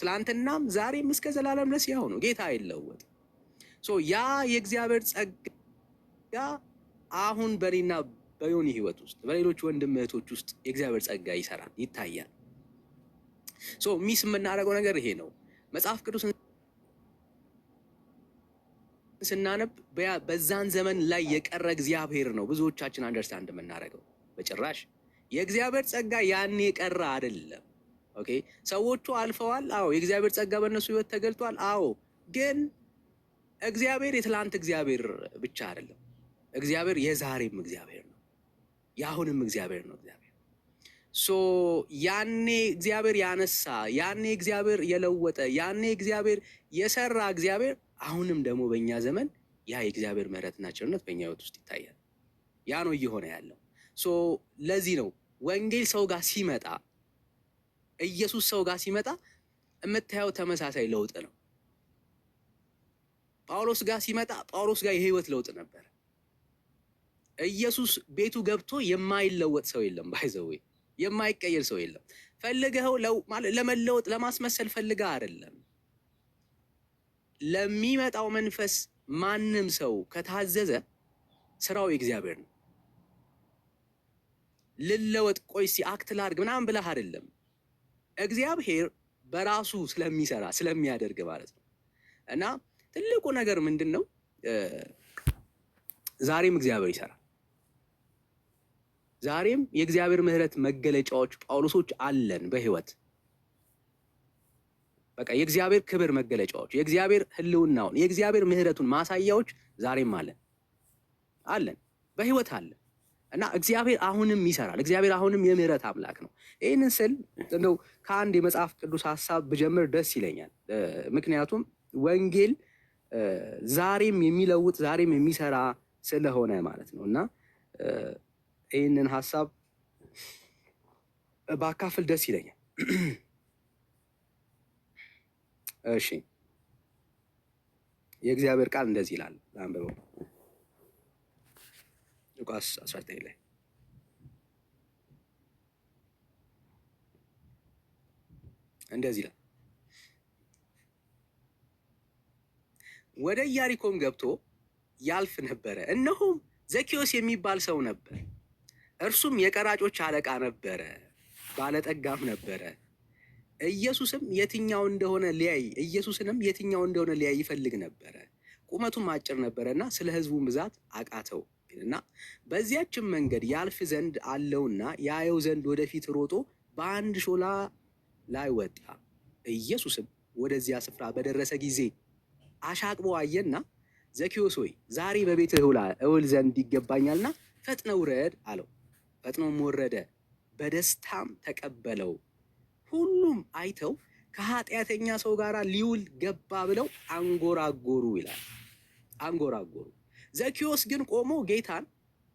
ትላንትናም ዛሬም እስከ ዘላለም ድረስ ያው ነው። ጌታ አይለወጥ። ያ የእግዚአብሔር ጸጋ አሁን በኔና በዮኒ ህይወት ውስጥ በሌሎች ወንድም እህቶች ውስጥ የእግዚአብሔር ጸጋ ይሰራል፣ ይታያል። ሶ ሚስ የምናደርገው ነገር ይሄ ነው። መጽሐፍ ቅዱስ ስናነብ በዛን ዘመን ላይ የቀረ እግዚአብሔር ነው ብዙዎቻችን አንደርስታንድ የምናደርገው። በጭራሽ የእግዚአብሔር ጸጋ ያኔ የቀረ አይደለም። ኦኬ ሰዎቹ አልፈዋል። አዎ የእግዚአብሔር ጸጋ በእነሱ ህይወት ተገልጧል። አዎ ግን እግዚአብሔር የትላንት እግዚአብሔር ብቻ አይደለም። እግዚአብሔር የዛሬም እግዚአብሔር ነው፣ የአሁንም እግዚአብሔር ነው። እግዚአብሔር ሶ ያኔ እግዚአብሔር ያነሳ፣ ያኔ እግዚአብሔር የለወጠ፣ ያኔ እግዚአብሔር የሰራ እግዚአብሔር አሁንም ደግሞ በእኛ ዘመን ያ የእግዚአብሔር ምሕረትና ቸርነት በእኛ ህይወት ውስጥ ይታያል። ያ ነው እየሆነ ያለው። ሶ ለዚህ ነው ወንጌል ሰው ጋር ሲመጣ ኢየሱስ ሰው ጋር ሲመጣ የምታየው ተመሳሳይ ለውጥ ነው። ጳውሎስ ጋር ሲመጣ ጳውሎስ ጋር የህይወት ለውጥ ነበር። ኢየሱስ ቤቱ ገብቶ የማይለወጥ ሰው የለም። ባይዘዌ የማይቀየር ሰው የለም። ፈልገው ለመለወጥ ለማስመሰል ፈልገ አይደለም። ለሚመጣው መንፈስ ማንም ሰው ከታዘዘ ስራው የእግዚአብሔር ነው። ልለወጥ ቆይ ሲ አክት ላድርግ ምናምን ብለህ አይደለም። እግዚአብሔር በራሱ ስለሚሰራ ስለሚያደርግ ማለት ነው። እና ትልቁ ነገር ምንድን ነው? ዛሬም እግዚአብሔር ይሰራል። ዛሬም የእግዚአብሔር ምሕረት መገለጫዎች ጳውሎሶች አለን በህይወት በቃ የእግዚአብሔር ክብር መገለጫዎች የእግዚአብሔር ህልውናውን የእግዚአብሔር ምሕረቱን ማሳያዎች ዛሬም አለን አለን በህይወት አለን። እና እግዚአብሔር አሁንም ይሰራል። እግዚአብሔር አሁንም የምህረት አምላክ ነው። ይህንን ስል እንደው ከአንድ የመጽሐፍ ቅዱስ ሀሳብ ብጀምር ደስ ይለኛል። ምክንያቱም ወንጌል ዛሬም የሚለውጥ ዛሬም የሚሰራ ስለሆነ ማለት ነው እና ይህንን ሀሳብ ባካፍል ደስ ይለኛል። እሺ፣ የእግዚአብሔር ቃል እንደዚህ ይላል አንብበው ሉቃስ 19 ላይ እንደዚህ ይላል። ወደ ኢያሪኮም ገብቶ ያልፍ ነበረ። እነሆም ዘኬዎስ የሚባል ሰው ነበር። እርሱም የቀራጮች አለቃ ነበረ፣ ባለጠጋም ነበረ። ኢየሱስም የትኛው እንደሆነ ሊያይ ኢየሱስንም የትኛው እንደሆነ ሊያይ ይፈልግ ነበረ። ቁመቱም አጭር ነበረና ስለ ሕዝቡ ብዛት አቃተው። አለብን እና በዚያችን መንገድ ያልፍ ዘንድ አለውና ያየው ዘንድ ወደፊት ሮጦ በአንድ ሾላ ላይ ወጣ። ኢየሱስም ወደዚያ ስፍራ በደረሰ ጊዜ አሻቅቦ አየና ዘኪዮስ ሆይ ዛሬ በቤትህ እውል ዘንድ ይገባኛልና ፈጥነ ውረድ አለው። ፈጥኖም ወረደ፣ በደስታም ተቀበለው። ሁሉም አይተው ከኃጢአተኛ ሰው ጋር ሊውል ገባ ብለው አንጎራጎሩ ይላል። አንጎራጎሩ ዘኪዎስ ግን ቆሞ ጌታን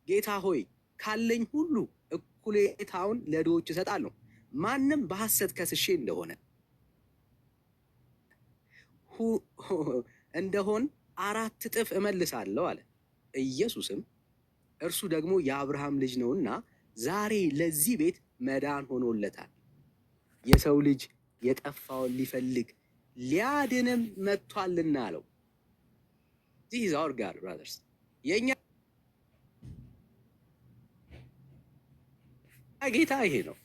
ጌታ ሆይ ካለኝ ሁሉ እኩሌታውን ለድሆች እሰጣለሁ፣ ማንም በሐሰት ከስሼ እንደሆነ እንደሆን አራት እጥፍ እመልሳለሁ አለ። ኢየሱስም እርሱ ደግሞ የአብርሃም ልጅ ነውና ዛሬ ለዚህ ቤት መዳን ሆኖለታል። የሰው ልጅ የጠፋውን ሊፈልግ ሊያድንም መጥቷልና አለው። ዚህ ኢዝ ጋር ብራዘርስ የእኛ ጌታ ይሄ ነው።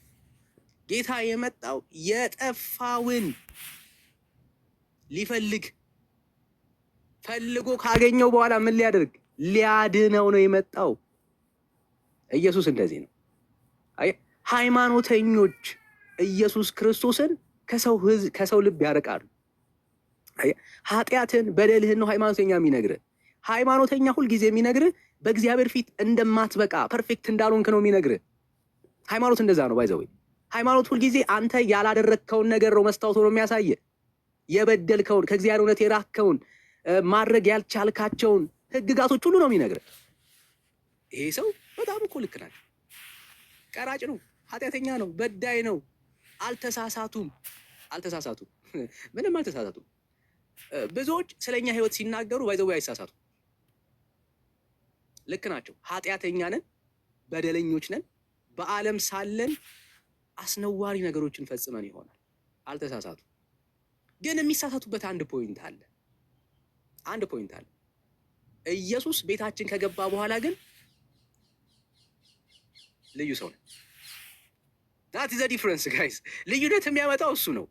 ጌታ የመጣው የጠፋውን ሊፈልግ ፈልጎ ካገኘው በኋላ ምን ሊያደርግ ሊያድነው ነው የመጣው። ኢየሱስ እንደዚህ ነው። ሃይማኖተኞች ኢየሱስ ክርስቶስን ከሰው ህዝብ ከሰው ልብ ያርቃሉ። ኃጢአትን በደልህን ነው ሃይማኖተኛ የሚነግርህ ሃይማኖተኛ ሁልጊዜ የሚነግርህ በእግዚአብሔር ፊት እንደማትበቃ ፐርፌክት እንዳልሆንክ ነው የሚነግርህ። ሃይማኖት እንደዛ ነው ባይዘወ ሃይማኖት ሁልጊዜ አንተ ያላደረግከውን ነገር ነው መስታወት ነው የሚያሳየ የበደልከውን ከእግዚአብሔር እውነት የራክከውን ማድረግ ያልቻልካቸውን ህግጋቶች ሁሉ ነው የሚነግር ይሄ ሰው በጣም እኮ ልክ ናቸው፣ ቀራጭ ነው፣ ኃጢአተኛ ነው፣ በዳይ ነው፣ አልተሳሳቱም፣ አልተሳሳቱም፣ ምንም አልተሳሳቱም። ብዙዎች ስለኛ ህይወት ሲናገሩ ባይዘዌ አይሳሳቱም። ልክ ናቸው። ኃጢአተኛ ነን፣ በደለኞች ነን። በዓለም ሳለን አስነዋሪ ነገሮችን ፈጽመን ይሆናል። አልተሳሳቱ። ግን የሚሳሳቱበት አንድ ፖይንት አለ፣ አንድ ፖይንት አለ። ኢየሱስ ቤታችን ከገባ በኋላ ግን ልዩ ሰው ነው። ዳት ዘ ዲፍረንስ ጋይስ። ልዩነት የሚያመጣው እሱ ነው።